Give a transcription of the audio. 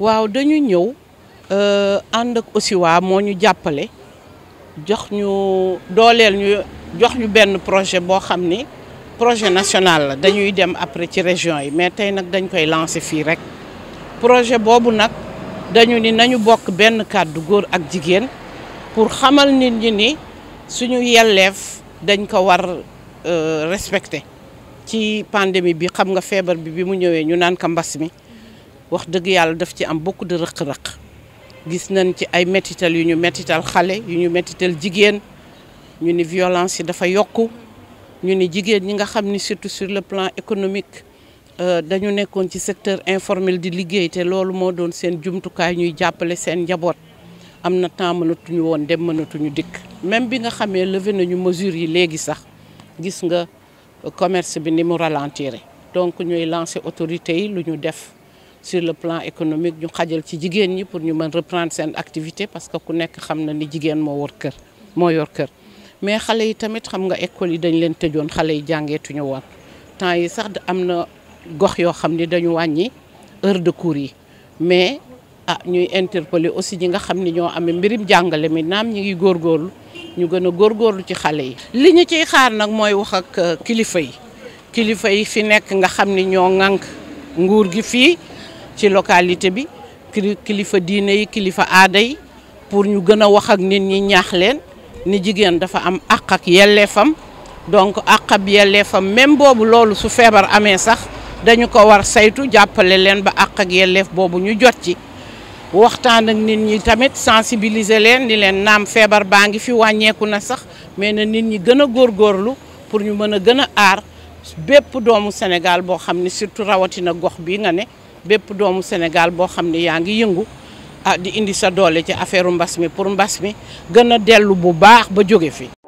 waaw dañu ñëw and euh, ak aussi wa mo ñu jappalé jox ñu dolel ñu jox ñu ben projet bo xamni projet national la dañuy dem après ci région yi mais tay nak dañ koy lancer fi rek projet bobu nak dañu ni nañu bok ben kàddu goor ak jigen pour xamal nit ñi ni suñu yellef dañ ko war euh, respecter ci pandémie bi xam nga fièvre bi bi mu ñëwé ñu naan ka mbass mi wax dëgg yàlla daf ci am beaucoup de rëq-rëq gis nañ ci ay métital yu ñu métital xale yu ñu métital jigéen ñu ni violence yi dafa yokk ñu ni jigéen ñi nga xam ni surtout sur le plan économique euh, dañu nekkoon ci secteur informel di liggéey te loolu moo doon seen jumtukaay ñuy jàppale seen njaboot am na temps mënatuñu woon dem mënatuñu dikk même bi nga xamee levé nañu mesures yi léegi sax gis nga commerce bi ni mu ralentir donc ñuy lancer autorités sur le plan économique ñu xajal ci jigéen ñi pour ñu mën reprendre seen activité parce que ku nekk xam na ni jigéen moo war kër moo yor kër mais xalé yi tamit xam nga école yi dañ leen tëjoon xalé yi ñu woon temps yi sax amna gox yo xamni dañu wañi heure de cours yi mais ah ñuy interpeller aussi ñi nga xamni ni ñoo amee mbirim jàngale mi naam ñi ngi gor góorgóorlu ñu gën gor góorgóorlu ci xalé yi. li ñu ci xaar nak moy wax ak euh, kilifa yi kilifa yi fi nek nga xamni ni ñoo ŋànk nguur gi fi ci localité bi kilifa diine yi kilifa aada yi pour ñu gën a wax ak nit ñi ñaax leen ni jigéen dafa am àq ak yelleefam donc àq ak yelleefam même boobu loolu su feebar amee sax dañu ko war saytu jàppale leen ba àq ak yelleef boobu ñu jot ci waxtaan ak nit ñi tamit sensibiliser leen ni leen naam feebar baa ngi fi wàññeeku na sax mais na nit ñi gën a góorlu pour ñu mën a gën a aar bépp doomu Sénégal boo xam ne surtout rawatina gox bii nga ne bépp doomu Sénégal boo xam ne yaa ngi yëngu ah di indi sa doole ci affaire mbas mi pour mbas mi gën a dellu bu baax ba jóge fi